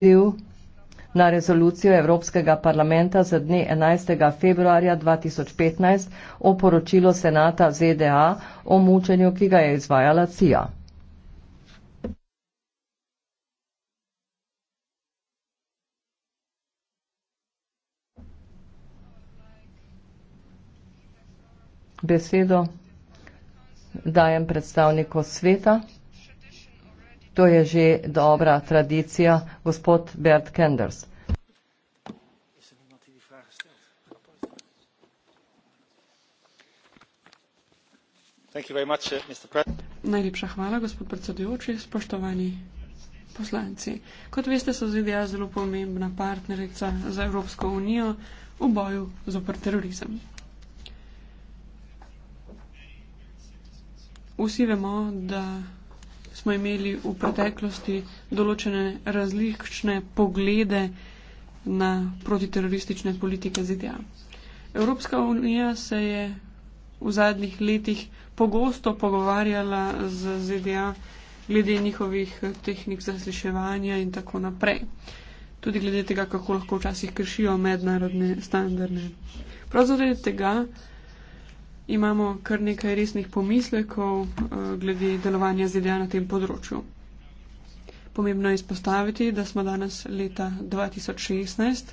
poziv na rezolucijo Evropskega parlamenta z dne 11. februarja 2015 o poročilu Senata ZDA o mučenju, ki ga je izvajala CIA. Besedo dajem predstavniku sveta. To je že dobra tradicija, gospod Bert Kenders. Uh, Najlepša hvala, gospod predsedujoči, spoštovani poslanci. Kot veste, so ZDA zelo pomembna partnerica za Evropsko unijo v boju zopr terorizem. Vsi vemo, da smo imeli v preteklosti določene različne poglede na protiteroristične politike ZDA. Evropska unija se je v zadnjih letih pogosto pogovarjala z ZDA glede njihovih tehnik zasliševanja in tako naprej. Tudi glede tega, kako lahko včasih kršijo mednarodne standarde. Prav zaradi tega imamo kar nekaj resnih pomislekov eh, glede delovanja ZDA na tem področju. Pomembno je izpostaviti, da smo danes leta 2016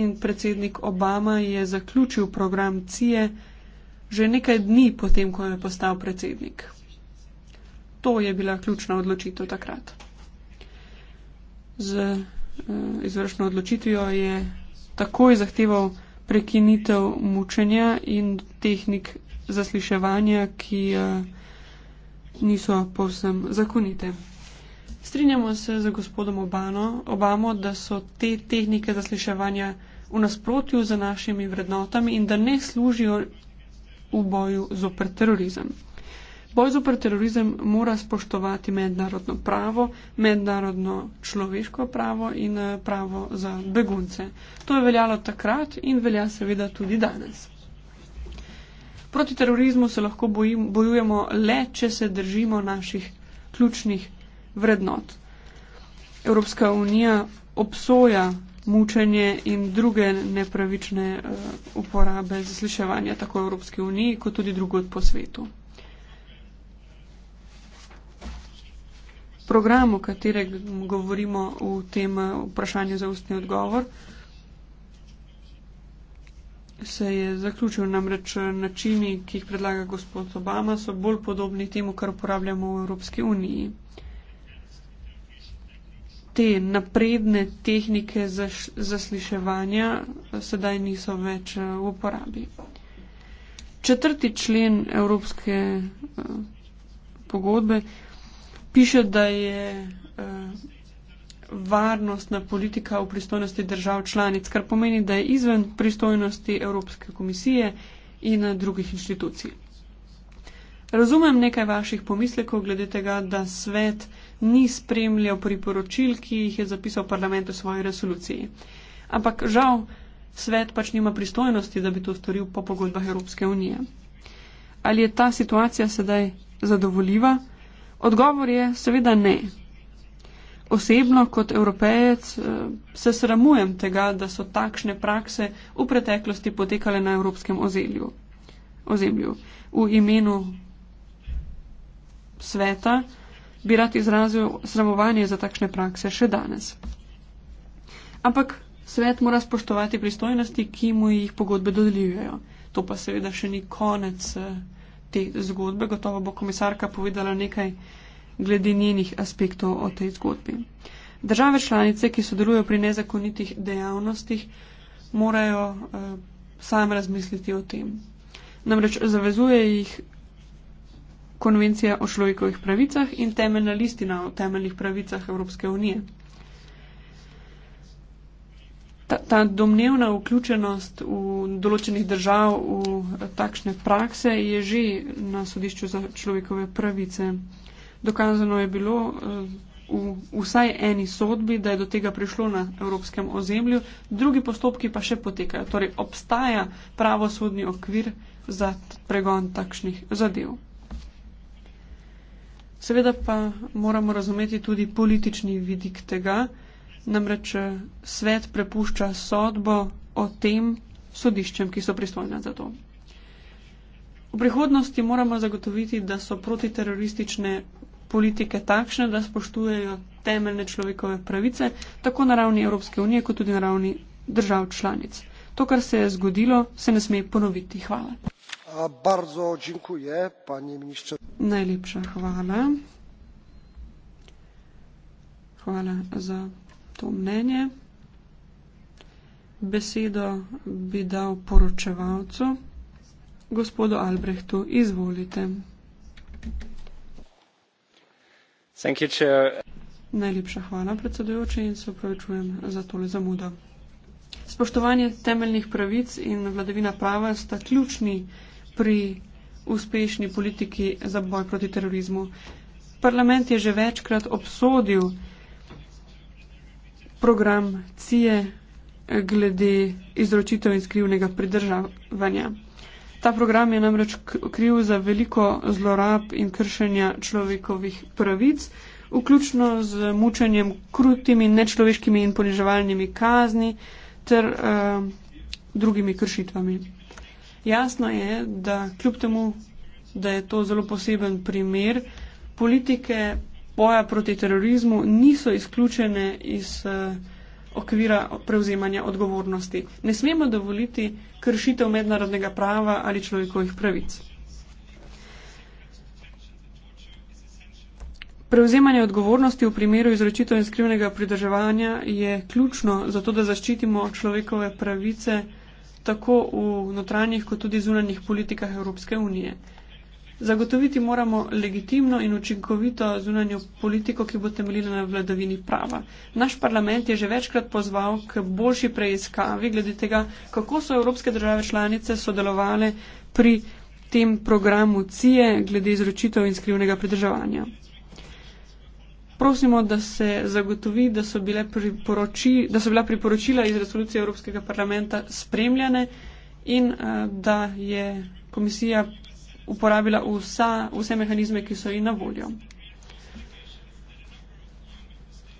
in predsednik Obama je zaključil program CIE že nekaj dni potem, ko je postal predsednik. To je bila ključna odločitev takrat. Z eh, izvršno odločitvijo je takoj zahteval prekinitev mučenja in tehnik zasliševanja, ki eh, niso povsem zakonite. Strinjamo se z gospodom Obano, Obamo, da so te tehnike zasliševanja v nasprotju z našimi vrednotami in da ne služijo v boju zoper terorizem. Boj zoper terorizem mora spoštovati mednarodno pravo, mednarodno človeško pravo in eh, pravo za begunce. To je veljalo takrat in velja seveda tudi danes. Proti terorizmu se lahko bojim, bojujemo le, če se držimo naših ključnih vrednot. Evropska unija obsoja mučenje in druge nepravične uh, uporabe zasliševanja tako Evropske unije, kot tudi drugod po svetu. Program, o katerem govorimo v tem eh, vprašanju za ustni odgovor, uh, se je zaključil. Namreč eh, načini, ki jih predlaga gospod Obama, so bolj podobni temu, kar uporabljamo v Evropski uniji. Te napredne tehnike zasliševanja eh, sedaj niso več eh, v uporabi. Četrti člen Evropske uh, pogodbe piše, da je uh, varnostna politika v pristojnosti držav članic, kar pomeni, da je izven pristojnosti Evropske komisije in eh, drugih inštitucij. Razumem nekaj vaših pomislekov glede tega, da svet ni spremljal priporočil, ki jih je zapisal parlament v svoji resoluciji. Ampak žal svet pač nima pristojnosti, da bi to storil po pogodbah Evropske unije. Ali je ta situacija sedaj zadovoljiva? Odgovor je seveda ne osebno kot evropejec eh, se sramujem tega, da so takšne prakse v preteklosti potekale na evropskem ozelju, ozemlju. V imenu sveta bi rad izrazil sramovanje za takšne prakse še danes. Ampak svet mora spoštovati pristojnosti, ki mu jih pogodbe dodeljujejo. To pa seveda še ni konec eh, te zgodbe. Gotovo bo komisarka povedala nekaj glede njenih aspektov o tej zgodbi. Države članice, ki sodelujo pri nezakonitih dejavnostih, morajo eh, sam razmisliti o tem. Namreč zavezuje jih konvencija o človekovih pravicah in temeljna listina o temeljnih pravicah Evropske unije. Ta, ta domnevna vključenost v določenih držav v takšne prakse je že na sodišču za človekove pravice dokazano je bilo eh, v vsaj eni sodbi, da je do tega prišlo na evropskem ozemlju, drugi postopki pa še potekajo. Torej obstaja pravosodni okvir za pregon takšnih zadev. Seveda pa moramo razumeti tudi politični vidik tega, namreč eh, svet prepušča sodbo o tem sodiščem, ki so pristojna za to. V prihodnosti moramo zagotoviti, da so protiteroristične politike takšne, da spoštujejo temeljne človekove pravice, tako na ravni Evropske unije, kot tudi na ravni držav članic. To, kar se je zgodilo, se ne sme ponoviti. Hvala. Najlepša hvala. Hvala za to mnenje. Besedo bi dal poročevalcu, gospodu Albrehtu. Izvolite. Najlepša hvala, predsedujoči, in se upravičujem za tole zamudo. Spoštovanje temeljnih pravic in vladavina prava sta ključni pri uspešni politiki za boj proti terorizmu. Parlament je že večkrat obsodil program CIE glede izročitev in skrivnega pridržavanja. Ta program je namreč kriv za veliko zlorab in kršenja človekovih pravic, vključno z mučenjem krutimi, nečloveškimi in poniževalnimi kazni ter uh, drugimi kršitvami. Jasno je, da kljub temu, da je to zelo poseben primer, politike boja proti terorizmu niso izključene iz. Uh, okvira prevzemanja odgovornosti. Ne smemo dovoliti kršitev mednarodnega prava ali človekovih pravic. Prevzemanje odgovornosti v primeru izročitev in skrivnega pridrževanja je ključno za to, da zaščitimo človekove pravice tako v notranjih kot tudi zunanjih politikah Evropske unije. Zagotoviti moramo legitimno in učinkovito zunanjo politiko, ki bo temeljila na vladavini prava. Naš parlament je že večkrat pozval k boljši preiskavi glede tega, kako so evropske države članice sodelovale pri tem programu CIE glede izročitev in skrivnega pridržavanja. Prosimo, da se zagotovi, da so, bile da so bila priporočila iz resolucije Evropskega parlamenta spremljene in eh, da je komisija uporabila vsa, vse mehanizme, ki so ji na voljo.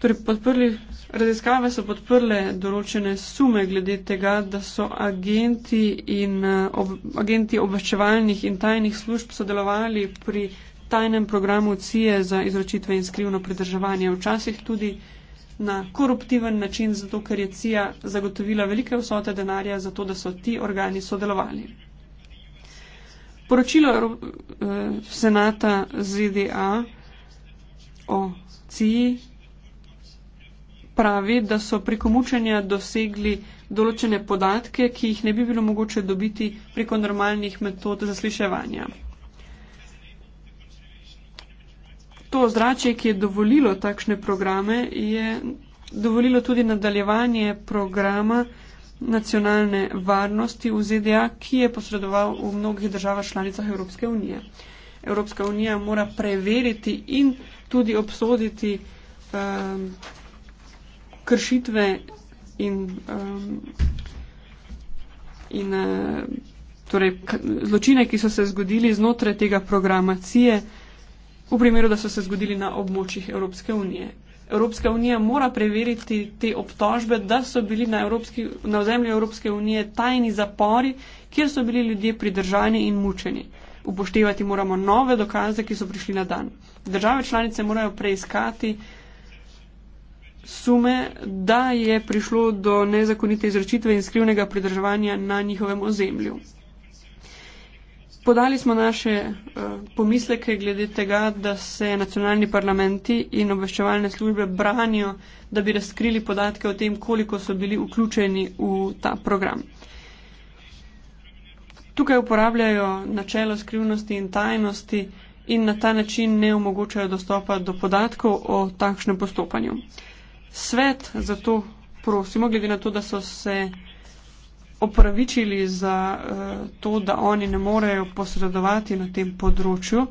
Torej, podprli, raziskave so podprle določene sume glede tega, da so agenti, in, eh, ob, agenti obveščevalnih in tajnih služb sodelovali pri tajnem programu CIE za izročitve in skrivno pridrževanje, včasih tudi na koruptiven način, zato ker je CIA e zagotovila velike vsote denarja za to, da so ti organi sodelovali. Poročilo uh, senata ZDA o CIA pravi, da so preko mučenja dosegli določene podatke, ki jih ne bi bilo mogoče dobiti preko normalnih metod zasliševanja. To ozračje, ki je dovolilo takšne programe, je dovolilo tudi nadaljevanje programa nacionalne varnosti v ZDA, ki je posredoval v mnogih državah članicah Evropske unije. Evropska unija mora preveriti in tudi obsoditi um, kršitve in, um, in uh, torej zločine, ki so se zgodili znotraj tega programa CIE, v primeru, da so se zgodili na območjih Evropske unije. Evropska unija mora preveriti te obtožbe, da so bili na, Evropski, na ozemlju Evropske unije tajni zapori, kjer so bili ljudje pridržani in mučeni. Upoštevati moramo nove dokaze, ki so prišli na dan. Države članice morajo preiskati sume, da je prišlo do nezakonite izrečitve in skrivnega pridržovanja na njihovem ozemlju. Podali smo naše uh, pomisleke glede tega, da se nacionalni parlamenti in obveščevalne službe branijo, da bi razkrili podatke o tem, koliko so bili vključeni v ta program. Tukaj uporabljajo načelo skrivnosti in tajnosti in na ta način ne omogočajo dostopa do podatkov o takšnem postopanju. Svet zato prosimo, glede na to, da so se opravičili za uh, to, da oni ne morejo posredovati na tem področju.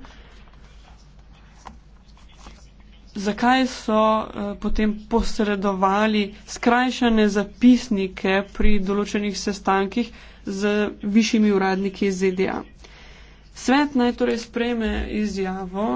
Zakaj so uh, potem posredovali skrajšane zapisnike pri določenih sestankih z višjimi uradniki iz ZDA? Svet naj torej sprejme izjavo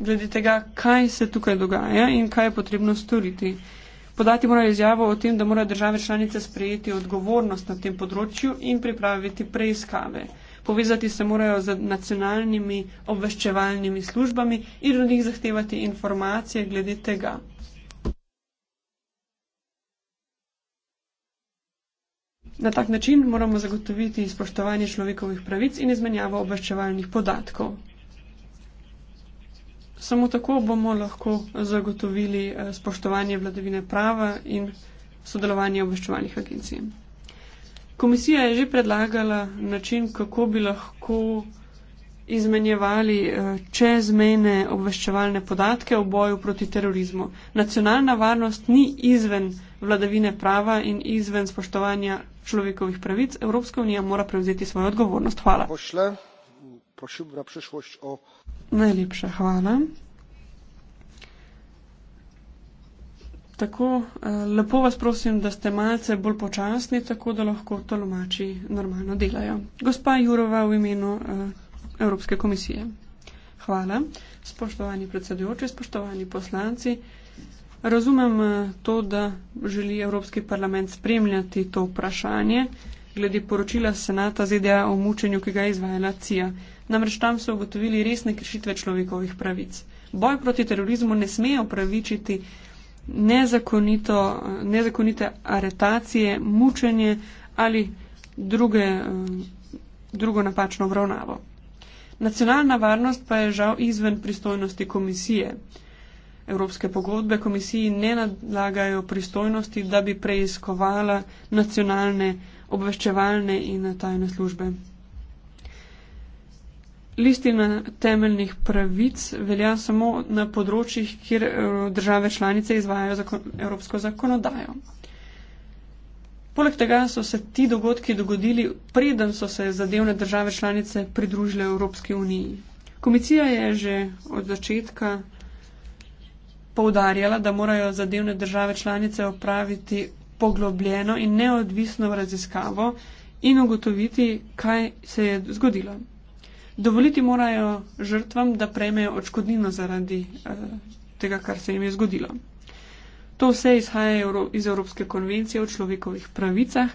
glede tega, kaj se tukaj dogaja in kaj je potrebno storiti. Uh, Podati morajo izjavo o tem, da morajo države članice sprejeti odgovornost na tem področju in pripraviti preiskave. Povezati se morajo z nacionalnimi obveščevalnimi službami in od njih zahtevati informacije glede tega. Na tak način moramo zagotoviti spoštovanje človekovih pravic in izmenjavo obveščevalnih podatkov. Samo tako bomo lahko zagotovili eh, spoštovanje vladavine prava in sodelovanje obveščevalnih agencij. Komisija je že predlagala način, kako bi lahko izmenjevali eh, čezmejne obveščevalne podatke v boju proti terorizmu. Nacionalna varnost ni izven vladavine prava in izven spoštovanja človekovih pravic. Evropska unija mora prevzeti svojo odgovornost. Hvala. Pošle prosim na prišlošč o... Najlepša hvala. Tako, e, lepo vas prosim, da ste malce bolj počasni, tako da lahko tolomači normalno delajo. Gospa Jurova v imenu e, Evropske komisije. Hvala. Spoštovani predsedujoči, spoštovani poslanci, razumem e, to, da želi Evropski parlament spremljati to vprašanje glede poročila senata ZDA o mučenju, ki ga je izvajala CIA namreč tam so ugotovili resne kršitve človekovih pravic. Boj proti terorizmu ne sme opravičiti nezakonite aretacije, mučenje ali druge, eh, drugo napačno obravnavo. Nacionalna varnost pa je žal izven pristojnosti komisije. Evropske pogodbe komisiji ne nadlagajo pristojnosti, da bi preiskovala nacionalne obveščevalne in tajne službe listina temeljnih pravic velja samo na področjih, kjer eh, države članice izvajajo zakon, evropsko zakonodajo. Poleg tega so se ti dogodki dogodili, preden so se zadevne države članice pridružile Evropski uniji. Komisija je že od začetka poudarjala, da morajo zadevne države članice opraviti poglobljeno in neodvisno raziskavo in ugotoviti, kaj se je zgodilo dovoliti morajo žrtvam, da prejmejo očkodnino zaradi eh, tega, kar se jim je zgodilo. To vse izhaja iz Evropske konvencije o človekovih pravicah,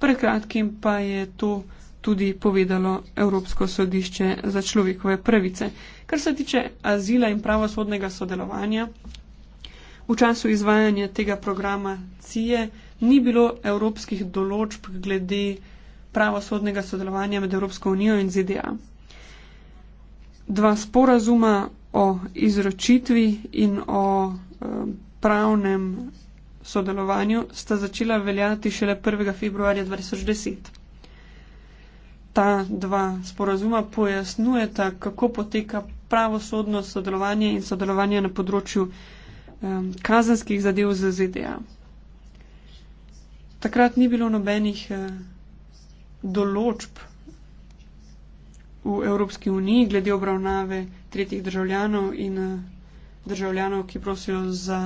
prekratkim pa je to tudi povedalo Evropsko sodišče za človekove pravice. Kar se tiče azila in pravosodnega sodelovanja, v času izvajanja tega programa CIE ni bilo evropskih določb glede pravosodnega sodelovanja med Evropsko unijo in ZDA dva sporazuma o izročitvi in o eh, pravnem sodelovanju sta začela veljati šele 1. februarja 2010. Ta dva sporazuma pojasnjujeta, kako poteka pravosodno sodelovanje in sodelovanje na področju eh, kazenskih zadev z ZDA. Takrat ni bilo nobenih eh, določb v Evropski uniji glede obravnave tretjih državljanov in eh, državljanov, ki prosijo za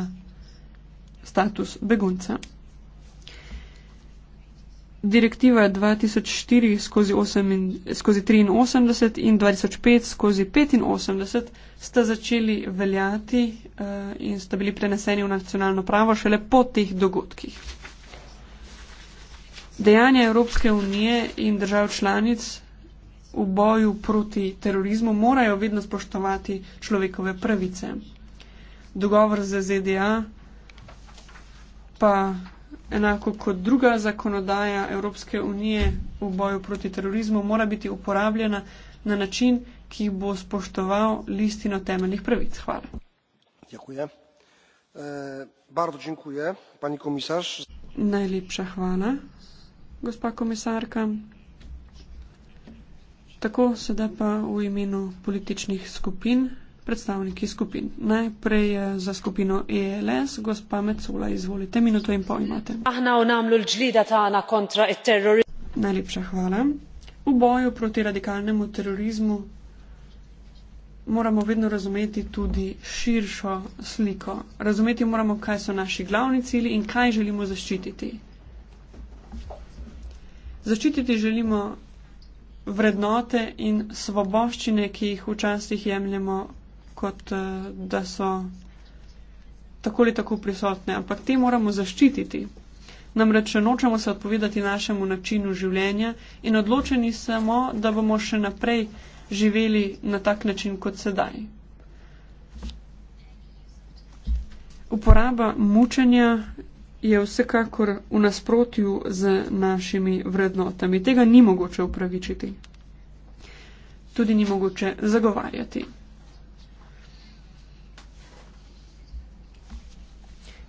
status begunca. Direktiva 2004 skozi, 8 in, skozi 83 in 2005 skozi 85 sta začeli veljati uh, in sta bili preneseni v nacionalno pravo šele po teh dogodkih. Dejanja Evropske unije in držav članic v boju proti terorizmu morajo vedno spoštovati človekove pravice. Dogovor z ZDA pa enako kot druga zakonodaja Evropske unije v boju proti terorizmu mora biti uporabljena na način, ki bo spoštoval listino temeljnih pravic. Hvala. Dziękuję. E, bardzo dziękuję, pani komisarz. Najlepša hvala, gospa komisarka. Tako, sedaj pa v imenu političnih skupin, predstavniki skupin. Najprej za skupino ELS, gospa Mecula, izvolite, minuto in pol imate. Najlepša hvala. V boju proti radikalnemu terorizmu moramo vedno razumeti tudi širšo sliko. Razumeti moramo, kaj so naši glavni cili in kaj želimo zaščititi. Zaščititi želimo vrednote in svoboščine, ki jih včasih jemljemo, kot eh, da so tako ali tako prisotne, ampak te moramo zaščititi. Namreč, če nočemo se odpovedati našemu načinu življenja in odločeni samo, da bomo še naprej živeli na tak način kot sedaj. Uporaba mučenja je vsekakor v nasprotju z našimi vrednotami. Tega ni mogoče upravičiti. Tudi ni mogoče zagovarjati.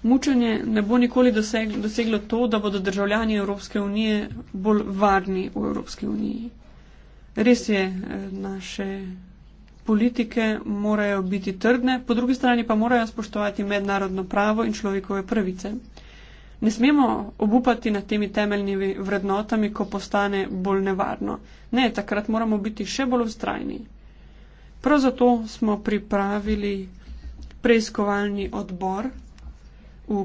Mučenje ne bo nikoli doseglo to, da bodo državljani Evropske unije bolj varni v Evropski uniji. Res je, eh, naše politike morajo biti trdne, po drugi strani pa morajo spoštovati mednarodno pravo in človekove pravice. Ne smemo obupati nad temi temeljnimi vrednotami, ko postane bolj nevarno. Ne, takrat moramo biti še bolj vztrajni. Prav zato smo pripravili preiskovalni odbor v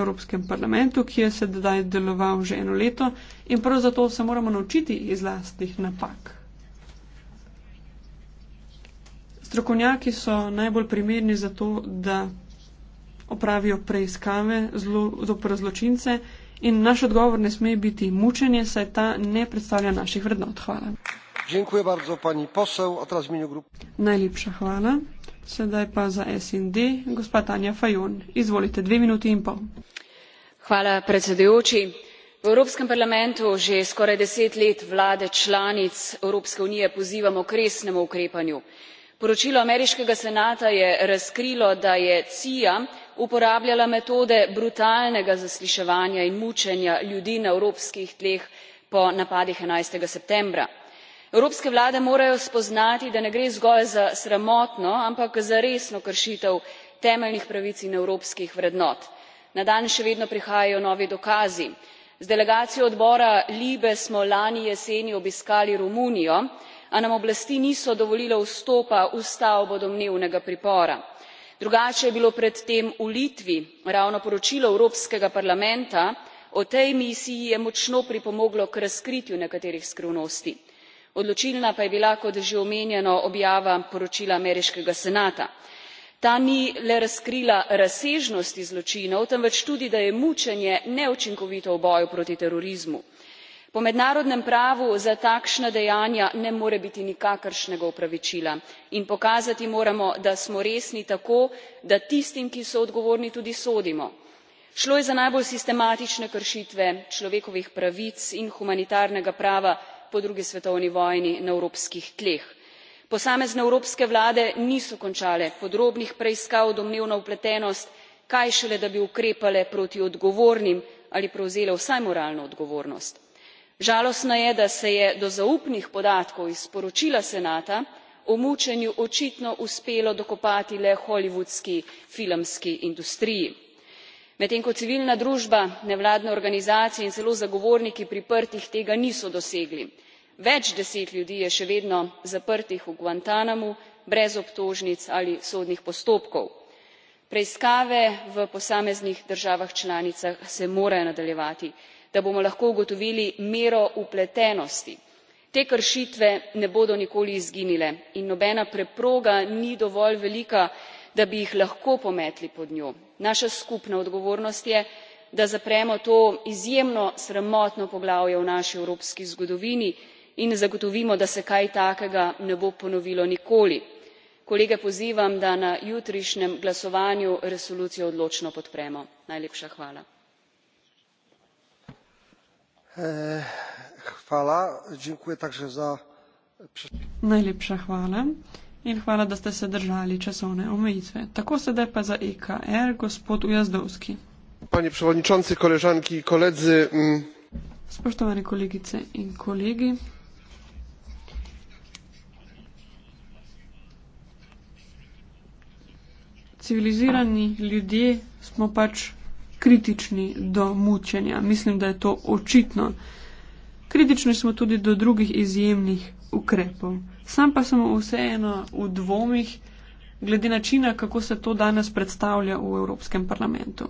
Evropskem parlamentu, ki je sedaj deloval že eno leto in prav zato se moramo naučiti iz lastnih napak. Strokovnjaki so najbolj primerni za to, da opravijo preiskave zopr zlo, zločince in naš odgovor ne sme biti mučenje, saj ta ne predstavlja naših vrednot. Hvala. Bardzo, pani posel, grup... Najlepša hvala. Sedaj pa za SND, gospa Tanja Fajon. Izvolite, dve minuti in pol. Hvala, predsedujoči. V Evropskem parlamentu že skoraj deset let vlade članic Evropske unije pozivamo k resnemu ukrepanju. Poročilo ameriškega senata je razkrilo, da je CIA uporabljala metode brutalnega zasliševanja in mučenja ljudi na evropskih tleh po napadih enajst septembra. evropske vlade morajo spoznati da ne gre zgolj za sramotno ampak za resno kršitev temeljnih pravic in evropskih vrednot. na dan še vedno prihajajo novi dokazi. z delegacijo odbora libe smo lani jeseni obiskali romunijo a nam oblasti niso dovolile vstopa v stavbo domnevnega pripora drugače je bilo pred tem v litvi ravno poročilo evropskega parlamenta o tej misiji je močno pripomoglo k razkritju nekaterih skrivnosti odločilna pa je bila kot že omenjeno objava poročila ameriškega senata. ta ni le razkrila razsežnosti zločinov temveč tudi da je mučenje neučinkovito v boju proti terorizmu po mednarodnem pravu za takšna dejanja ne more biti nikakršnega opravičila in pokazati moramo da smo resni tako da tistim ki so odgovorni tudi sodimo. šlo je za najbolj sistematične kršitve človekovih pravic in humanitarnega prava po drugi svetovni vojni na evropskih tleh. posamezne evropske vlade niso končale podrobnih preiskav domnevno vpletenost kaj šele da bi ukrepale proti odgovornim ali prevzele vsaj moralno odgovornost žalostno je da se je do zaupnih podatkov iz poročila senata o mučenju očitno uspelo dokopati le hollywoodski filmski industriji medtem ko civilna družba nevladne organizacije in celo zagovorniki priprtih tega niso dosegli. več deset ljudi je še vedno zaprtih v guantanamu brez obtožnic ali sodnih postopkov. preiskave v posameznih državah članicah se morajo nadaljevati da bomo lahko ugotovili mero vpletenosti. te kršitve ne bodo nikoli izginile in nobena preproga ni dovolj velika da bi jih lahko pometli pod njo. naša skupna odgovornost je da zapremo to izjemno sramotno poglavje v naši evropski zgodovini in zagotovimo da se kaj takega ne bo ponovilo nikoli. kolege pozivam da na jutrišnjem glasovanju resolucijo odločno podpremo. najlepša hvala. Najlepša eh, hvala in hvala, da ste se držali časovne omejitve. Tako sedaj pa za EKR gospod Ujazdovski. Panie przewodniczący, koleżanki i koledzy. Mm. Spoštovane kolegice in kolegi. Civilizirani ljudje smo pač kritični do mučenja. Mislim, da je to očitno. Kritični smo tudi do drugih izjemnih ukrepov. Sam pa sem vseeno v dvomih glede načina, kako se to danes predstavlja v Evropskem parlamentu.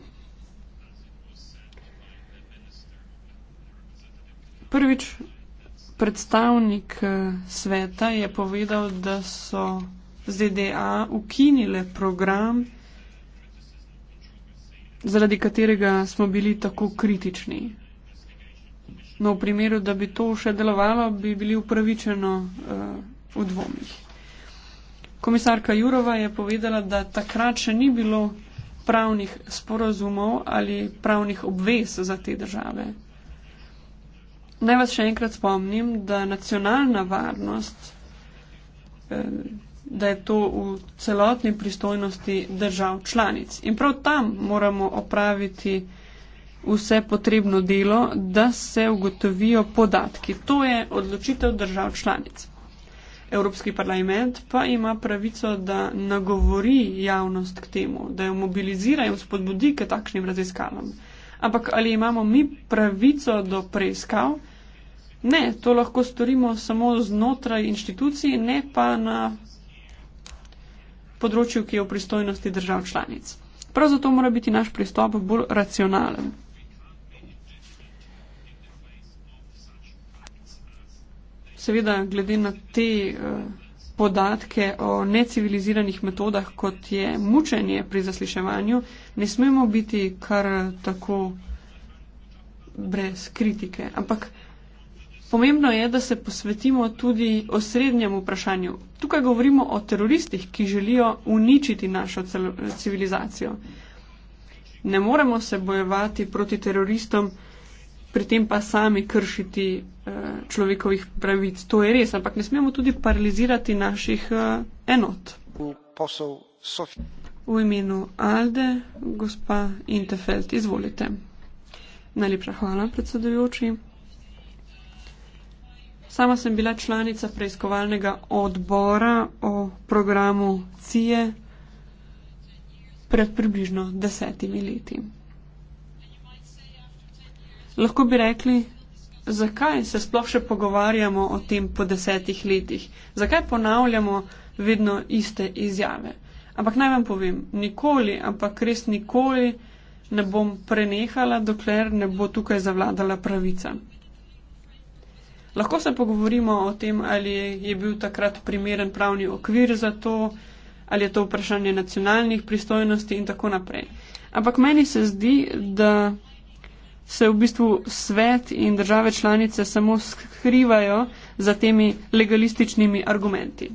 Prvič, predstavnik eh, sveta je povedal, da so ZDA ukinile program zaradi katerega smo bili tako kritični. No, v primeru, da bi to še delovalo, bi bili upravičeno uh, v dvomih. Komisarka Jurova je povedala, da takrat še ni bilo pravnih sporazumov ali pravnih obvez za te države. Naj vas še enkrat spomnim, da nacionalna varnost. Uh, da je to v celotni pristojnosti držav članic. In prav tam moramo opraviti vse potrebno delo, da se ugotovijo podatki. To je odločitev držav članic. Evropski parlament pa ima pravico, da nagovori javnost k temu, da jo mobilizira in spodbudi k takšnim raziskavam. Ampak ali imamo mi pravico do preiskav? Ne, to lahko storimo samo znotraj inštitucij, ne pa na področju, ki je v pristojnosti držav članic. Prav zato mora biti naš pristop bolj racionalen. Seveda, glede na te eh, podatke o neciviliziranih metodah, kot je mučenje pri zasliševanju, ne smemo biti kar tako brez kritike. Ampak Pomembno je, da se posvetimo tudi osrednjemu vprašanju. Tukaj govorimo o teroristih, ki želijo uničiti našo civilizacijo. Ne moremo se bojevati proti teroristom, pri tem pa sami kršiti eh, človekovih pravic. To je res, ampak ne smemo tudi paralizirati naših eh, enot. V imenu Alde, gospa Intefeld, izvolite. Najlepša hvala, predsedujoči. Sama sem bila članica preiskovalnega odbora o programu CIE pred približno desetimi leti. Lahko bi rekli, zakaj se sploh še pogovarjamo o tem po desetih letih, zakaj ponavljamo vedno iste izjave. Ampak naj vam povem, nikoli, ampak res nikoli ne bom prenehala, dokler ne bo tukaj zavladala pravica. Lahko se pogovorimo o tem, ali je bil takrat primeren pravni okvir za to, ali je to vprašanje nacionalnih pristojnosti in tako naprej. Ampak meni se zdi, da se v bistvu svet in države članice samo skrivajo za temi legalističnimi argumenti.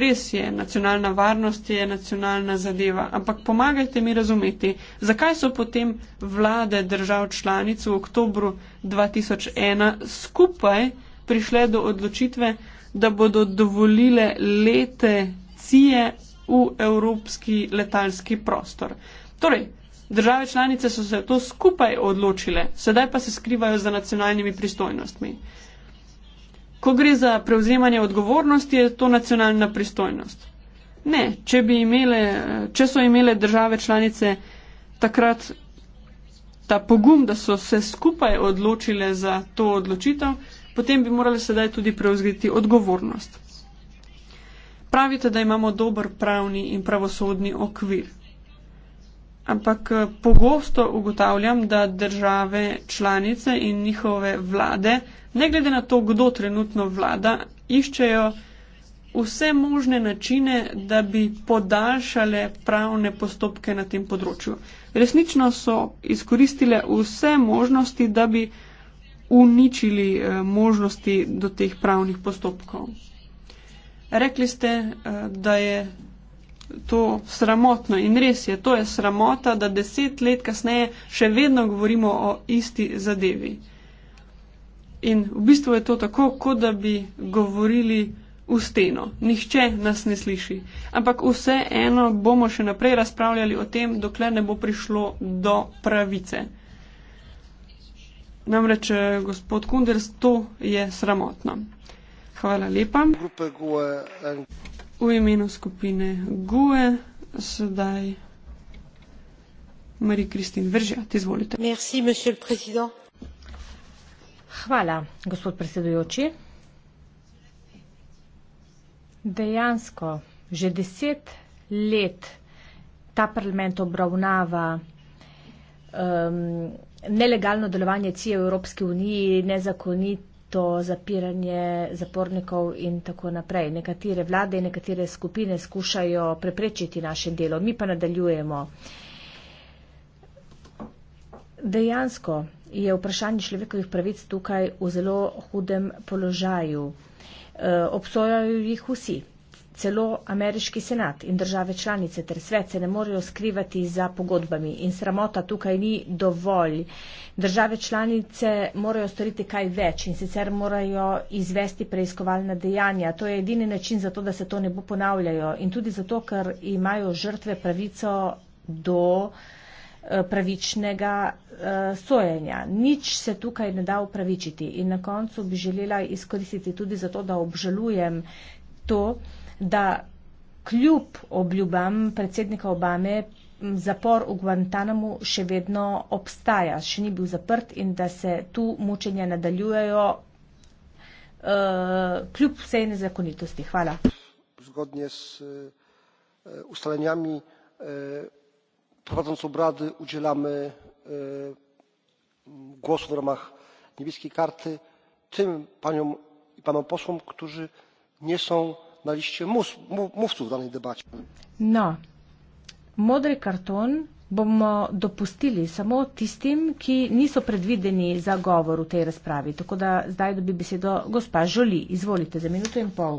Res je, nacionalna varnost je nacionalna zadeva, ampak pomagajte mi razumeti, zakaj so potem vlade držav članic v oktobru 2001 skupaj prišle do odločitve, da bodo dovolile lete cije v evropski letalski prostor. Torej, države članice so se to skupaj odločile, sedaj pa se skrivajo za nacionalnimi pristojnostmi. Ko gre za prevzemanje odgovornosti, je to nacionalna pristojnost. Ne, če, imele, če so imele države članice takrat ta pogum, da so se skupaj odločile za to odločitev, potem bi morali sedaj tudi prevzeti odgovornost. Pravite, da imamo dober pravni in pravosodni okvir ampak eh, pogosto ugotavljam, da države članice in njihove vlade, ne glede na to, kdo trenutno vlada, iščejo vse možne načine, da bi podaljšale pravne postopke na tem področju. Resnično so izkoristile vse možnosti, da bi uničili eh, možnosti do teh pravnih postopkov. Rekli ste, eh, da je to sramotno. In res je, to je sramota, da deset let kasneje še vedno govorimo o isti zadevi. In v bistvu je to tako, kot da bi govorili v steno. Nihče nas ne sliši. Ampak vse eno bomo še naprej razpravljali o tem, dokler ne bo prišlo do pravice. Namreč, eh, gospod Kunders, to je sramotno. Hvala lepa v imenu skupine GUE, sedaj Marie-Christine Vržjat, izvolite. Merci, monsieur le président. Hvala, gospod predsedujoči. Dejansko, že deset let ta parlament obravnava um, nelegalno delovanje CIA v Evropski uniji, nezakonit to zapiranje zapornikov in tako naprej. Nekatere vlade in nekatere skupine skušajo preprečiti naše delo, mi pa nadaljujemo. Dejansko je vprašanje človekovih pravic tukaj v zelo hudem položaju. Eh, obsojajo jih vsi celo ameriški senat in države članice ter svet se ne morejo skrivati za pogodbami in sramota tukaj ni dovolj. Države članice morajo storiti kaj več in sicer morajo izvesti preiskovalna dejanja. To je edini način za to, da se to ne bo ponavljalo in tudi zato, ker imajo žrtve pravico do eh, pravičnega eh, sojenja. Nič se tukaj ne da upravičiti in na koncu bi želela izkoristiti tudi za to, da obžalujem to, da kljub obljubam predsednika Obame zapor v Guantanamu še vedno obstaja, še ni bil zaprt in da se tu mučenja nadaljujejo uh, kljub vsej nezakonitosti. Hvala. Zgodnje s uh, ustalenjami uh, eh, prevodnic obrady udzielamy uh, głosu v ramah niebieskiej karty tym paniom i panom posłom, którzy nie są na liście mówców w danej debacie. No, modry karton bomo dopustili samo tistim, ki niso predvideni za govor v tej razpravi. Tako da zdaj dobi besedo gospa Žoli. Izvolite za minuto in pol.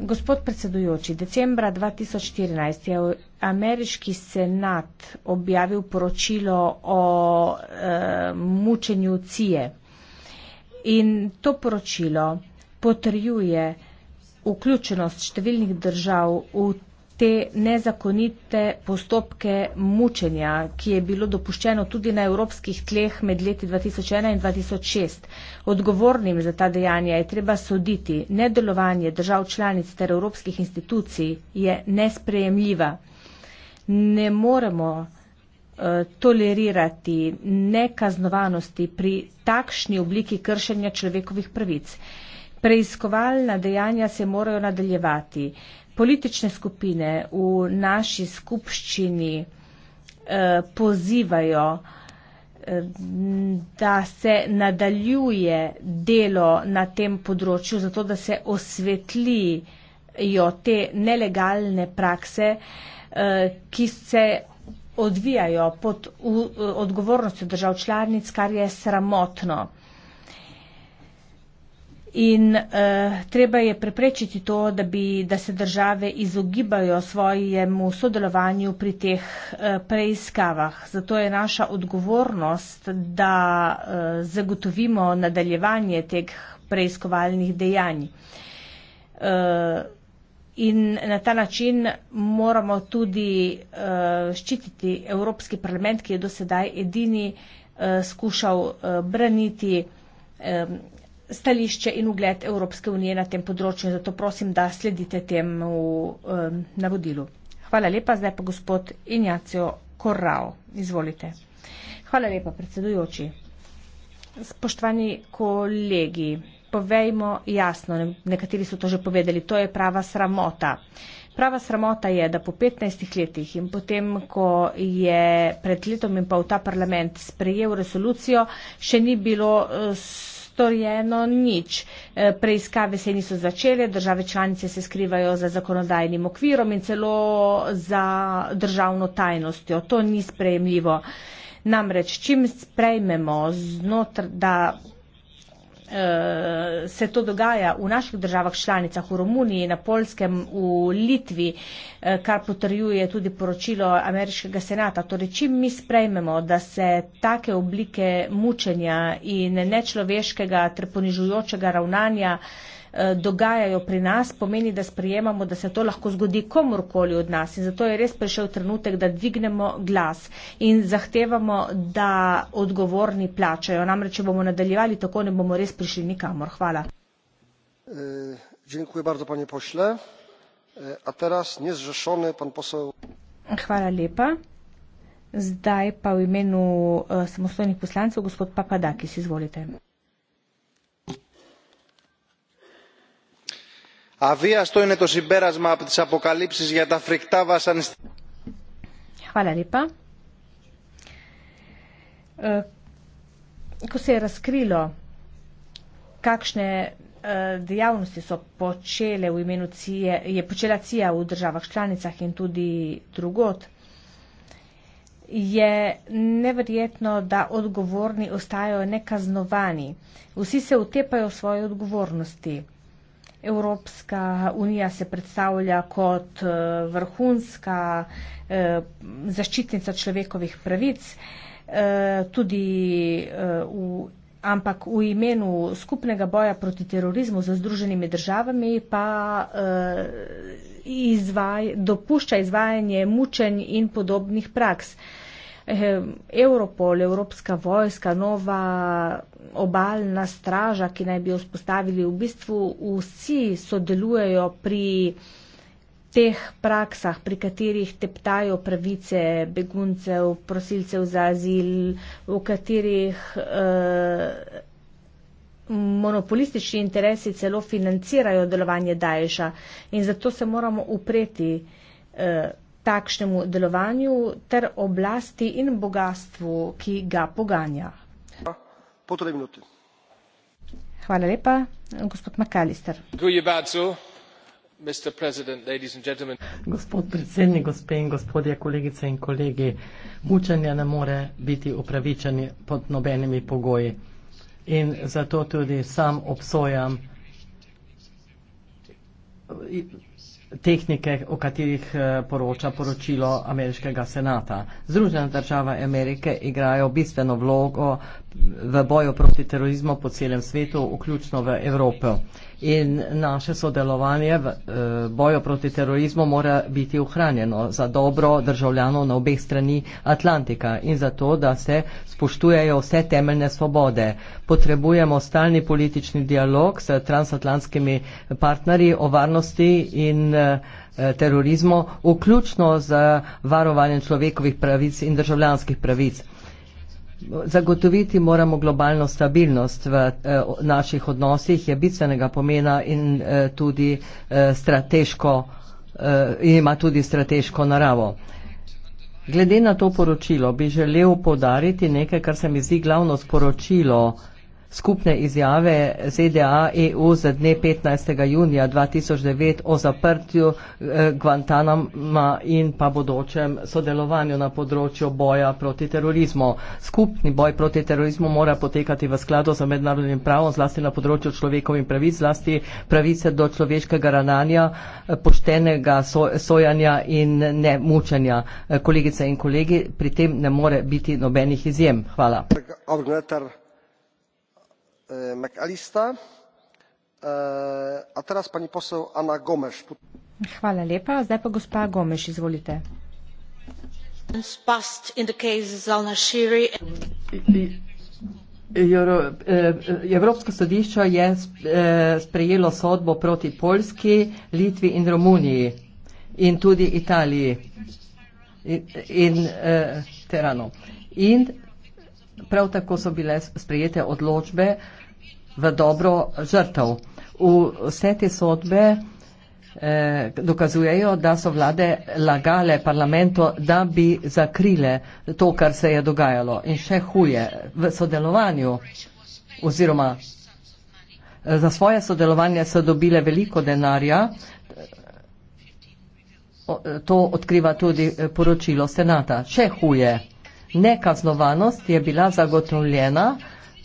Gospod predsedujoči, decembra 2014 je ameriški senat objavil poročilo o e, mučenju CIE. In to poročilo potrjuje, vključenost številnih držav v te nezakonite postopke mučenja, ki je bilo dopuščeno tudi na evropskih tleh med leti 2001 in 2006. Odgovornim za ta dejanja je treba soditi. Nedelovanje držav članic ter evropskih institucij je nesprejemljiva. Ne moremo eh, tolerirati nekaznovanosti pri takšni obliki kršenja človekovih pravic. Preiskovalna dejanja se morajo nadaljevati. Politične skupine v naši skupščini eh, pozivajo, eh, da se nadaljuje delo na tem področju, zato da se osvetlijo te nelegalne prakse, eh, ki se odvijajo pod v, odgovornostjo držav članic, kar je sramotno. In uh, treba je preprečiti to, da, bi, da se države izogibajo svojemu sodelovanju pri teh uh, preiskavah. Zato je naša odgovornost, da uh, zagotovimo nadaljevanje teh preiskovalnih dejanj. Uh, in na ta način moramo tudi uh, ščititi Evropski parlament, ki je do sedaj edini uh, skušal uh, braniti. Um, stališče in ugled Evropske unije na tem področju. Zato prosim, da sledite temu um, navodilu. Hvala lepa, zdaj pa gospod Injacio Korao. Izvolite. Hvala lepa, predsedujoči. Spoštovani kolegi, povejmo jasno, nekateri so to že povedali, to je prava sramota. Prava sramota je, da po 15 letih in potem, ko je pred letom in pa v ta parlament sprejel resolucijo, še ni bilo. Uh, storjeno nič. E, preiskave se niso začele, države članice se skrivajo za zakonodajnim okvirom in celo za državno tajnostjo. To ni sprejemljivo. Namreč, čim sprejmemo znotraj, da se to dogaja v naših državah članicah, v Romuniji, na Polskem, v Litvi, eh, kar potrjuje tudi poročilo Ameriškega senata. Torej, čim mi sprejmemo, da se take oblike mučenja in nečloveškega, trponižujočega ravnanja eh, Eh, dogajajo pri nas, pomeni, da sprejemamo, da se to lahko zgodi komorkoli od nas. In zato je res prišel trenutek, da dvignemo glas in zahtevamo, da odgovorni plačajo. Namreč, če bomo nadaljevali tako, ne bomo res prišli nikamor. Hvala. Eh, eh, Hvala lepa. Zdaj pa v imenu samostojnih poslancev, gospod Papadakis, izvolite. Αβίαστο είναι το συμπέρασμα από τις αποκαλύψεις για τα φρικτά βασανιστήρια. Ko se je razkrilo, kakšne uh, dejavnosti so počele v imenu CIA, je počela CIA v državah članicah in tudi drugot, je neverjetno, da odgovorni ostajajo nekaznovani. Vsi se utepajo svoje odgovornosti. Evropska unija se predstavlja kot eh, vrhunska eh, zaščitnica človekovih pravic, eh, tudi v, ampak v imenu skupnega boja proti terorizmu za združenimi državami pa izvaj, dopušča izvajanje mučenj in podobnih praks. Europol, Evropska vojska, nova obaljna straža, ki naj bi jo vzpostavili, v bistvu vsi sodelujejo pri teh praksah, pri katerih teptajo pravice beguncev, prosilcev za azil, v katerih eh, monopolistični interesi celo financirajo delovanje Daješa. In zato se moramo upreti eh, takšnemu delovanju ter oblasti in bogatstvu, ki ga poganja gospod predsednik gospe in gospodje kolegice in kolegi mučenje ne more biti upravičeno pod nobenimi pogoji in zato tudi sam obsojam tehnike, o katerih eh, poroča poročilo Ameriškega senata. Združene države Amerike igrajo bistveno vlogo v boju proti terorizmu po celem svetu, vključno v Evropo in naše sodelovanje v eh, boju proti terorizmu mora biti ohranjeno za dobro državljanov na obeh strani Atlantika in za to, da se spoštujejo vse temeljne svobode. Potrebujemo stalni politični dialog s transatlantskimi partnerji o varnosti in eh, terorizmu, vključno z varovanjem človekovih pravic in državljanskih pravic. Zagotoviti moramo globalno stabilnost v eh, naših odnosih, je bistvenega pomena in eh, tudi eh, strateško, ima tudi strateško naravo. Glede na to poročilo bi želel podariti nekaj, kar se mi zdi glavno sporočilo skupne izjave ZDA EU za dne 15. junija 2009 o zaprtju eh, Guantanama in pa bodočem sodelovanju na področju boja proti terorizmu. Skupni boj proti terorizmu mora potekati v skladu z mednarodnim pravom, zlasti na področju človekovih pravic, zlasti pravice do človeškega ravnanja, eh, poštenega so, sojanja in ne mučenja. Eh, kolegice in kolegi, pri tem ne more biti nobenih izjem. Hvala. Odgovor. E, e, e, evropsko sodišče je sprejelo sodbo proti poljski litvi in romuniji in tudi italiji in teranu in prav tako so bile sprejete odločbe v dobro žrtev. Vse te sodbe eh, dokazujejo, da so vlade lagale parlamento, da bi zakrile to, kar se je dogajalo. In še huje, v sodelovanju oziroma eh, za svoje sodelovanje so dobile veliko denarja, to odkriva tudi eh, poročilo Senata. Še huje, nekaznovanost je bila zagotovljena,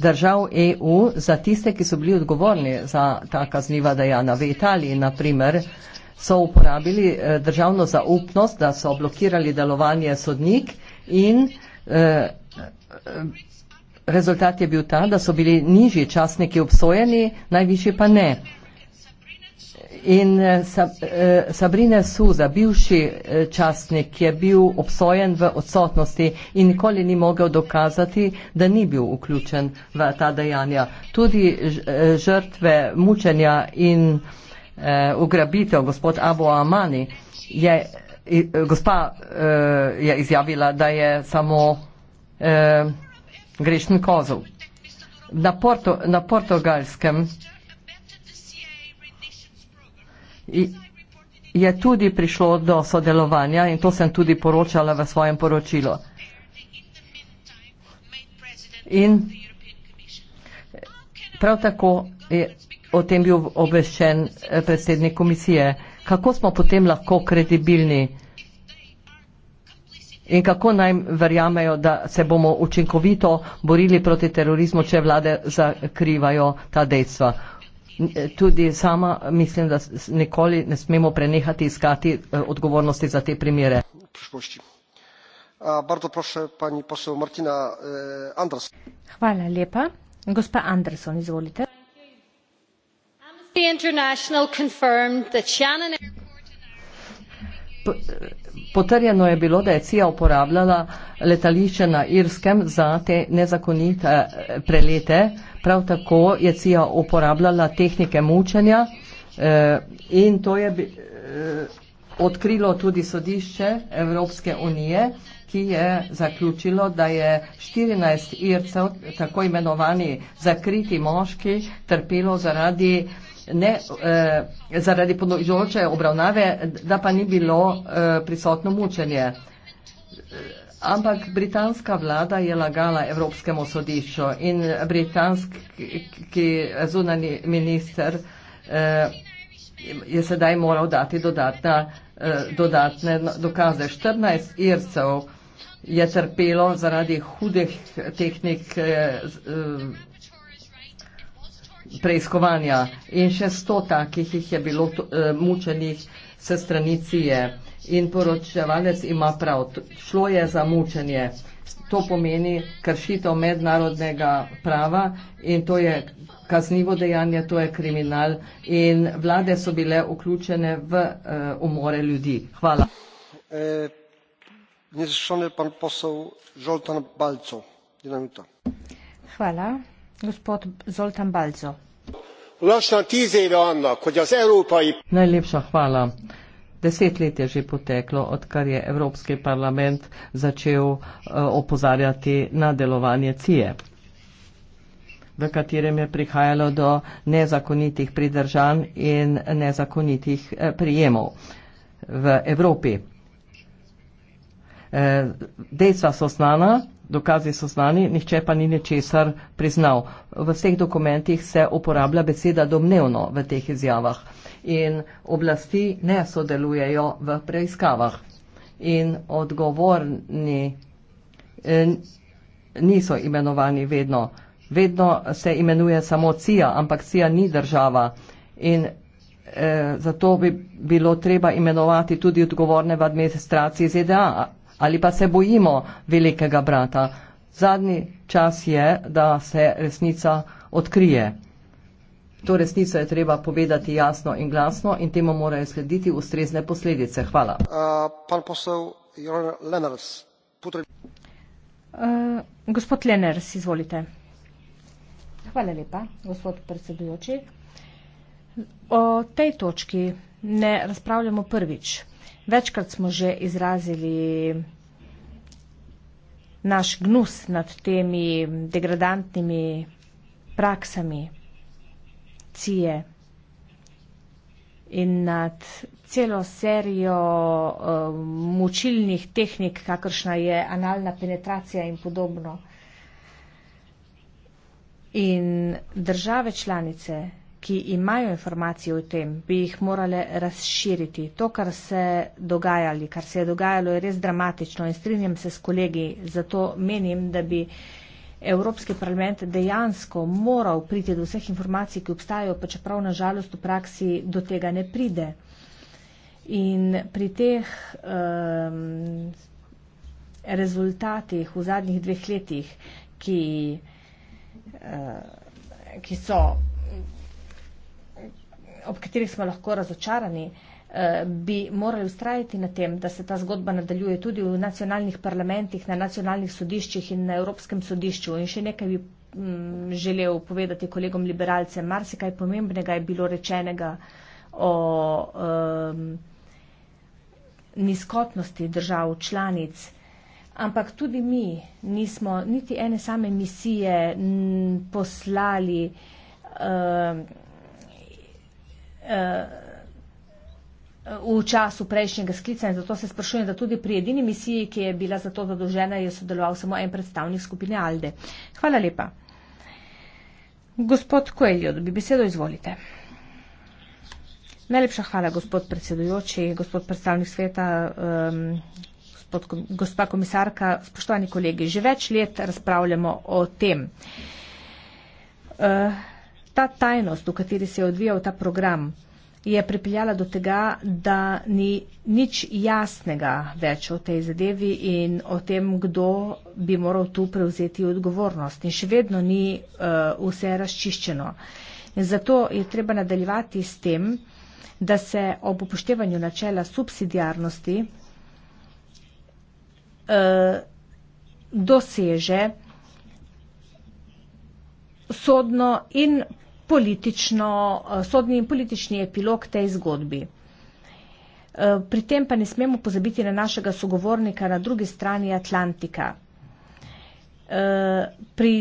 držav EU za tiste, ki so bili odgovorni za ta kazniva dejanja. V Italiji, na primer, so uporabili eh, državno zaupnost, da so blokirali delovanje sodnik in eh, rezultat je bil ta, da so bili nižji častniki obsojeni, najvišji pa ne. In eh, eh, Sabrine Suza, bivši eh, častnik, je bil obsojen v odsotnosti in nikoli ni mogel dokazati, da ni bil vključen v ta dejanja. Tudi žrtve mučenja in ugrabitev gospod Abu Amani je, gospa je izjavila, da je samo grešni kozov. Na, Porto, na portugalskem je tudi prišlo do sodelovanja in to sem tudi poročala v svojem poročilu. In prav tako je o tem bil obveščen eh, predsednik komisije. Kako smo potem lahko kredibilni in kako naj verjamejo, da se bomo učinkovito borili proti terorizmu, če vlade zakrivajo ta dejstva? tudi sama mislim, da nikoli ne smemo prenehati iskati eh, odgovornosti za te primere. E, Hvala lepa. Gospa Anderson, izvolite. International confirmed that Shannon Airport and Africa... Potrjeno je bilo, da je CIA uporabljala letališče na Irskem za te nezakonite eh, prelete. Prav tako je CIA uporabljala tehnike mučenja eh, in to je eh, odkrilo tudi sodišče Evropske unije, ki je zaključilo, da je 14 Ircev, tako imenovani zakriti moški, trpelo zaradi ne, eh, zaradi ponožoče obravnave, da pa ni bilo eh, prisotno mučenje. Ampak britanska vlada je lagala Evropskemu sodišču in britanski zunani minister eh, je sedaj moral dati dodatna, eh, dodatne dokaze. 14 ircev je trpelo zaradi hudih tehnik. Eh, eh, preiskovanja in še sto takih jih je bilo uh, mučenih se stranicije in poročevalec ima prav, šlo je za mučenje. To pomeni kršitev mednarodnega prava in to je kaznivo dejanje, to je kriminal in vlade so bile vključene v uh, umore ljudi. Hvala. E, Hvala. Gospod Zoltán Balco. Lassan tíz éve annak, hogy az európai... Najlepša hvala. Deset let je že poteklo, odkar je Evropski parlament začel eh, opozarjati na delovanje CIE, v katerem je prihajalo do nezakonitih pridržanj in nezakonitih eh, prijemov v Evropi. Eh, dejstva so znana, dokazi so znani, nihče pa ni ničesar priznal. V vseh dokumentih se uporablja beseda domnevno v teh izjavah in oblasti ne sodelujejo v preiskavah in odgovorni eh, niso imenovani vedno. Vedno se imenuje samo CIA, ampak CIA ni država in e, zato bi bilo treba imenovati tudi odgovorne v administraciji ZDA, ali pa se bojimo velikega brata. Zadnji čas je, da se resnica odkrije. To resnico je treba povedati jasno in glasno in temu morajo slediti ustrezne posledice. Hvala. Hvala lepa, gospod predsedujoči. O tej točki ne razpravljamo prvič. Večkrat smo že izrazili naš gnus nad temi degradantnimi praksami CIE in nad celo serijo uh, mučilnih tehnik, kakršna je analna penetracija in podobno. In države članice ki imajo informacije o tem, bi jih morale razširiti. To, kar se, dogajali, kar se je dogajalo, je res dramatično in strinjam se s kolegi. Zato menim, da bi Evropski parlament dejansko moral priti do vseh informacij, ki obstajajo, pa čeprav na žalost v praksi do tega ne pride. In pri teh um, rezultatih v zadnjih dveh letih, ki, uh, ki so ob katerih smo lahko razočarani, eh, bi morali ustrajati na tem, da se ta zgodba nadaljuje tudi v nacionalnih parlamentih, na nacionalnih sodiščih in na Evropskem sodišču. In še nekaj bi mm, želel povedati kolegom liberalcem. Marsikaj pomembnega je bilo rečenega o um, nizkotnosti držav članic. Ampak tudi mi nismo niti ene same misije poslali. Um, Eh, v času prejšnjega sklica in zato se sprašujem, da tudi pri edini misiji, ki je bila za to zadolžena, je sodeloval samo en predstavnik skupine Alde. Hvala lepa. Gospod Koeljo, dobi besedo, izvolite. Najlepša hvala, gospod predsedujoči, gospod predstavnik sveta, um, gospod, gospa komisarka, spoštovani kolegi. Že več let razpravljamo o tem. Uh, ta tajnost, v kateri se je odvijal ta program, je pripeljala do tega, da ni nič jasnega več o tej zadevi in o tem, kdo bi moral tu prevzeti odgovornost. In še vedno ni uh, vse razčiščeno. In zato je treba nadaljevati s tem, da se ob upoštevanju načela subsidijarnosti uh, eh, doseže sodno in politično, eh, sodni in politični epilog tej zgodbi. Eh, pri tem pa ne smemo pozabiti na našega sogovornika na drugi strani Atlantika. Eh, pri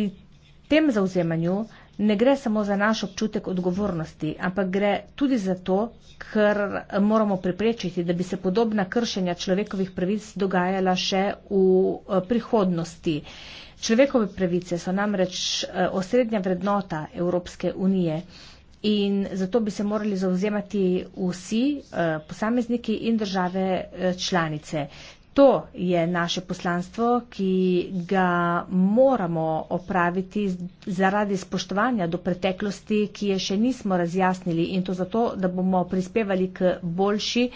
tem zauzemanju ne gre samo za naš občutek odgovornosti, ampak gre tudi za to, ker moramo preprečiti, da bi se podobna kršenja človekovih pravic dogajala še v prihodnosti. Človekove pravice so namreč eh, osrednja vrednota Evropske unije in zato bi se morali zauzemati vsi eh, posamezniki in države eh, članice. To je naše poslanstvo, ki ga moramo opraviti zaradi spoštovanja do preteklosti, ki je še nismo razjasnili in to zato, da bomo prispevali k boljši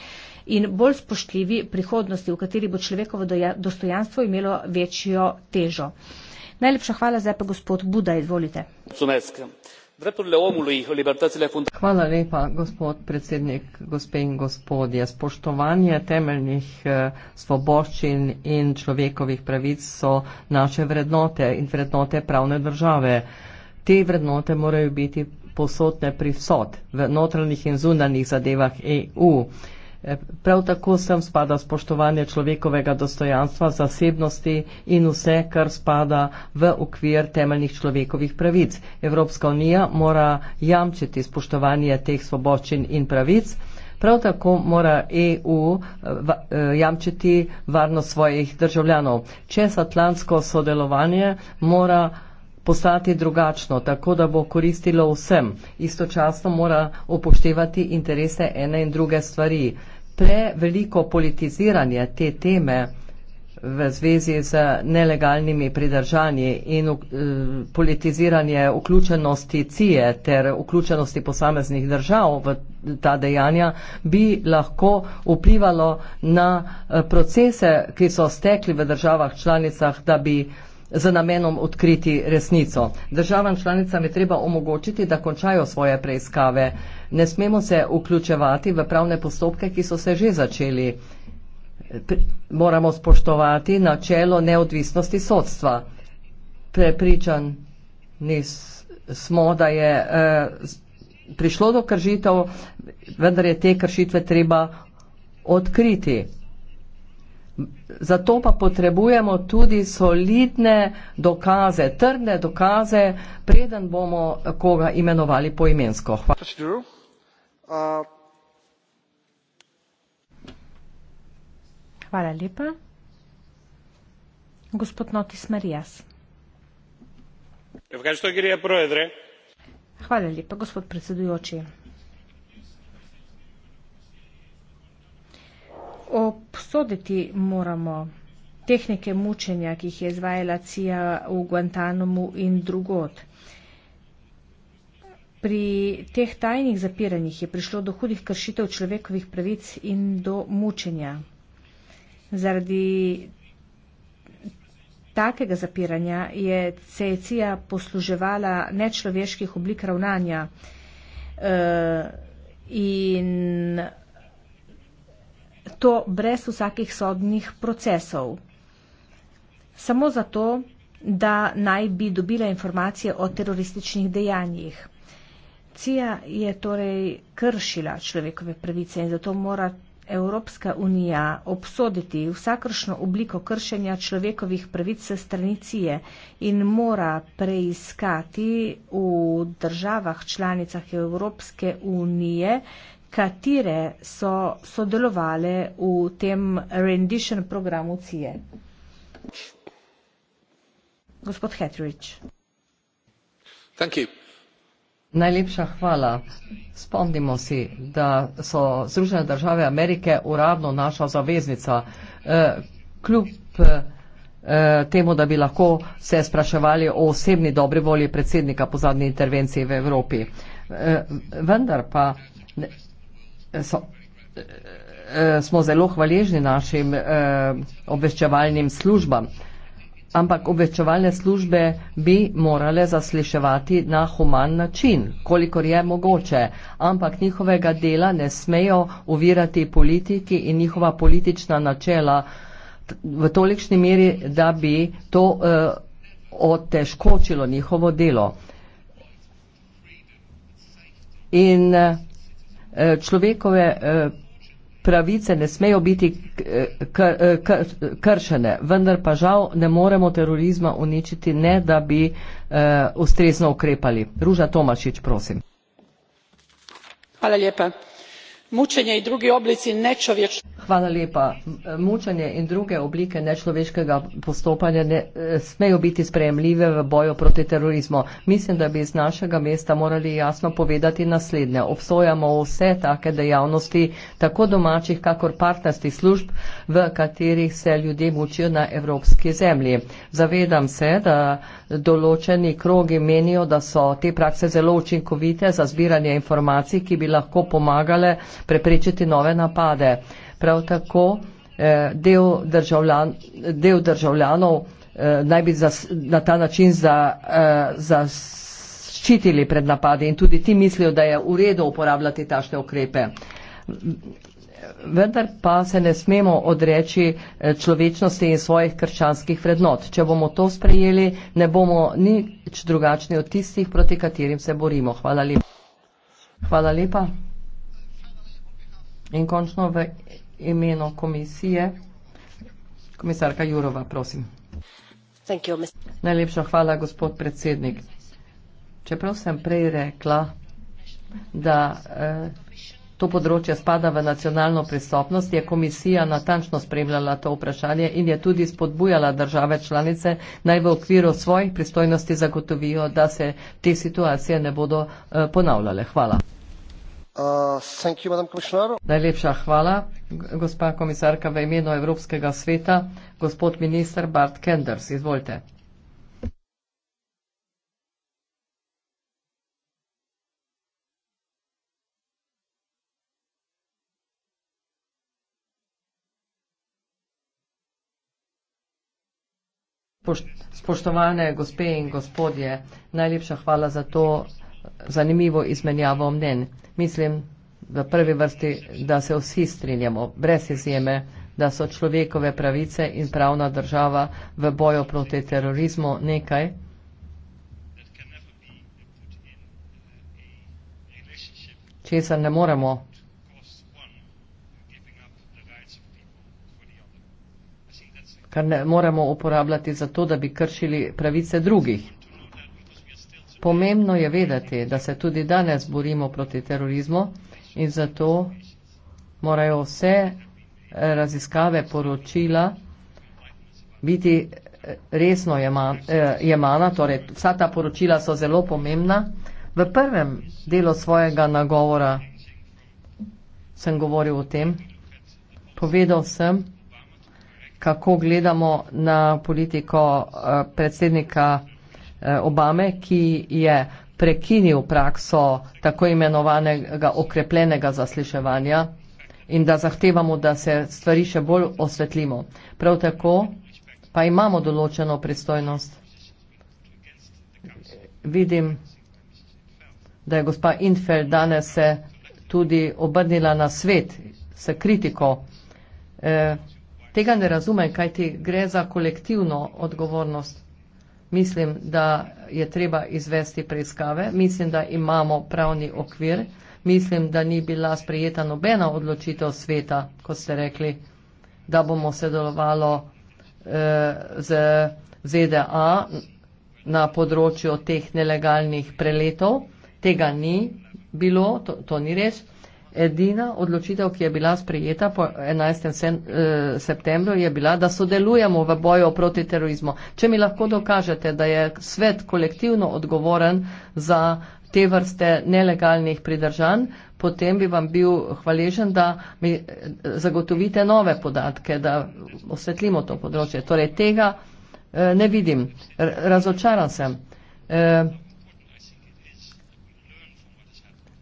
in bolj spoštljivi prihodnosti, v kateri bo človekovo dostojanstvo imelo večjo težo. Najlepša hvala zdaj pa gospod Buda, izvolite. Hvala lepa, gospod predsednik, gospe in gospodje. Spoštovanje temeljnih eh, svoboščin in človekovih pravic so naše vrednote in vrednote pravne države. Te vrednote morajo biti posotne pri vsot v notranjih in zunanjih zadevah EU. Prav tako sem spada spoštovanje človekovega dostojanstva, zasebnosti in vse, kar spada v okvir temeljnih človekovih pravic. Evropska unija mora jamčiti spoštovanje teh svoboščin in pravic. Prav tako mora EU eh, eh, jamčiti varnost svojih državljanov. Čez atlantsko sodelovanje mora postati drugačno, tako da bo koristilo vsem. Istočasno mora upoštevati interese ene in druge stvari preveliko politiziranje te teme v zvezi z nelegalnimi pridržanji in uh, politiziranje vključenosti CIE ter vključenosti posameznih držav v ta dejanja, bi lahko vplivalo na uh, procese, ki so stekli v državah članicah, da bi uh, z namenom odkriti resnico. Državam članicam je treba omogočiti, da končajo svoje preiskave. Ne smemo se vključevati v pravne postopke, ki so se že začeli. Moramo spoštovati načelo neodvisnosti sodstva. Prepričan nismo, da je eh, prišlo do kršitev, vendar je te kršitve treba odkriti. Zato pa potrebujemo tudi solidne dokaze, trdne dokaze, preden bomo koga imenovali poimensko. Hvala. Uh, Hvala lepa. Gospod Notis Marijas. Hvala lepa, gospod predsedujoči obsoditi moramo tehnike mučenja, ki jih je izvajala CIA v Guantanamu in drugod. Pri teh tajnih zapiranjih je prišlo do hudih kršitev človekovih pravic in do mučenja. Zaradi takega zapiranja je CIA posluževala nečloveških oblik ravnanja uh, in to brez vsakih sodnih procesov. Samo zato, da naj bi dobila informacije o terorističnih dejanjih. CIA je torej kršila človekove pravice in zato mora Evropska unija obsoditi vsakršno obliko kršenja človekovih pravic s stranicije in mora preiskati v državah članicah Evropske unije, katere so sodelovale v tem rendition programu CIE. Gospod Hetrich. Najlepša hvala. Spomnimo si, da so Združene države Amerike uradno naša zaveznica. Eh, kljub eh, temu, da bi lahko se spraševali o osebni dobri volji predsednika po zadnji intervenciji v Evropi. Eh, vendar pa so, uh, smo zelo hvaležni našim uh, obveščevalnim službam. Ampak obveščevalne službe bi morale zasliševati na human način, kolikor je mogoče. Ampak njihovega dela ne smejo uvirati politiki in njihova politična načela v tolikšni meri, da bi to uh, otežkočilo njihovo delo. In uh, človekove eh, pravice ne smejo biti eh, eh, kršene, vendar pa žal ne moremo terorizma uničiti, ne da bi ustrezno ukrepali. Ruža Tomašič, prosim. Hvala lijepa mučenje i drugi oblici nečovječnog Hvala lepa. Mučanje in druge oblike nečloveškega postopanja ne eh, smejo biti sprejemljive v boju proti terorizmu. Mislim, da bi iz našega mesta morali jasno povedati naslednje. Obsojamo vse take dejavnosti, tako domačih, kakor partnerskih služb, v katerih se ljudje mučijo na evropski zemlji. Zavedam se, da določeni krogi menijo, da so te prakse zelo učinkovite za zbiranje informacij, ki bi lahko pomagale preprečiti nove napade. Prav tako eh, del, državljan, del državljanov eh, naj bi za, na ta način eh, zaščitili za pred napadi in tudi ti mislijo, da je v redu uporabljati tašne ukrepe. Vendar pa se ne smemo odreči človečnosti in svojih krščanskih vrednot. Če bomo to sprejeli, ne bomo nič drugačni od tistih, proti katerim se borimo. Hvala lepa. Hvala lepa. In končno v imenu komisije, komisarka Jurova, prosim. You, Najlepša hvala, gospod predsednik. Čeprav sem prej rekla, da eh, to področje spada v nacionalno pristopnost, je komisija natančno spremljala to vprašanje in je tudi spodbujala države članice naj v okviru svojih pristojnosti zagotovijo, da se te situacije ne bodo eh, ponavljale. Hvala. Uh, najlepša hvala, gospa komisarka, v imenu Evropskega sveta, gospod minister Bart Kenders, izvolite. Spoštovane gospe in gospodje, najlepša hvala za to zanimivo izmenjavo mnen. Mislim, v prvi vrsti, da se vsi strinjamo, brez izjeme, da so človekove pravice in pravna država v boju proti terorizmu nekaj, česar ne moremo. kar ne moremo uporabljati za to, da bi kršili pravice drugih. Pomembno je vedeti, da se tudi danes borimo proti terorizmu in zato morajo vse eh, raziskave, poročila biti eh, resno eh, jemana, torej vsa ta poročila so zelo pomembna. V prvem delu svojega nagovora sem govoril o tem, povedal sem, kako gledamo na politiko predsednika Eh, Obame, ki je prekinil prakso tako imenovanega okrepljenega zasliševanja in da zahtevamo, da se stvari še bolj osvetlimo. Prav tako pa imamo določeno pristojnost. Vidim, da je gospa Infel danes se tudi obrnila na svet s kritiko. E, tega ne razumem, kaj ti gre za kolektivno odgovornost. Mislim, da je treba izvesti preiskave, mislim, da imamo pravni okvir, mislim, da ni bila sprejeta nobena odločitev sveta, ko ste rekli, da bomo sedelovalo eh, z ZDA na področju teh nelegalnih preletov. Tega ni bilo, to, to ni res. Edina odločitev, ki je bila sprejeta po 11. Eh, septembru, je bila, da sodelujemo v boju proti terorizmu. Če mi lahko dokažete, da je svet kolektivno odgovoren za te vrste nelegalnih pridržanj, potem bi vam bil hvaležen, da mi eh, zagotovite nove podatke, da osvetlimo to področje. Torej, tega eh, ne vidim. Razočaran sem.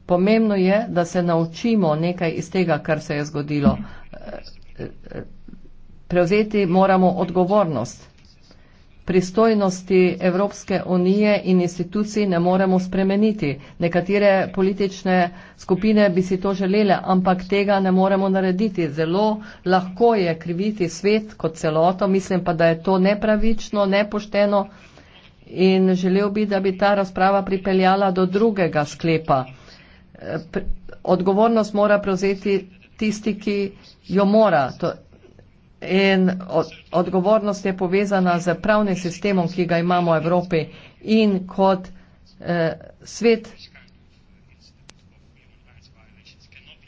Pomembno je, da se naučimo nekaj iz tega, kar se je zgodilo. Prevzeti moramo odgovornost. Pristojnosti Evropske unije in institucij ne moremo spremeniti. Nekatere politične skupine bi si to želele, ampak tega ne moremo narediti. Zelo lahko je kriviti svet kot celoto, mislim pa, da je to nepravično, nepošteno in želel bi, da bi ta razprava pripeljala do drugega sklepa odgovornost mora prevzeti tisti, ki jo mora. To, in odgovornost je povezana z pravnim sistemom, ki ga imamo v Evropi in kot eh, svet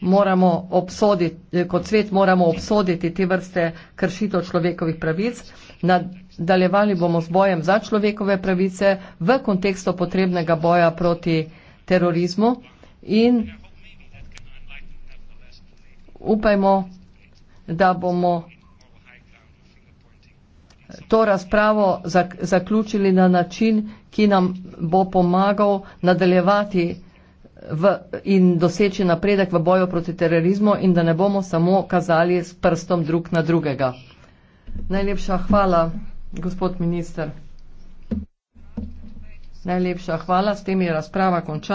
moramo obsoditi, eh, kot svet moramo obsoditi te vrste kršitev človekovih pravic. Nadaljevali bomo z bojem za človekove pravice v kontekstu potrebnega boja proti terorizmu in upajmo, da bomo to razpravo zaključili na način, ki nam bo pomagal nadaljevati v, in doseči napredek v boju proti terorizmu in da ne bomo samo kazali s prstom drug na drugega. Najlepša hvala, gospod minister. Najlepša hvala, s tem je razprava končana.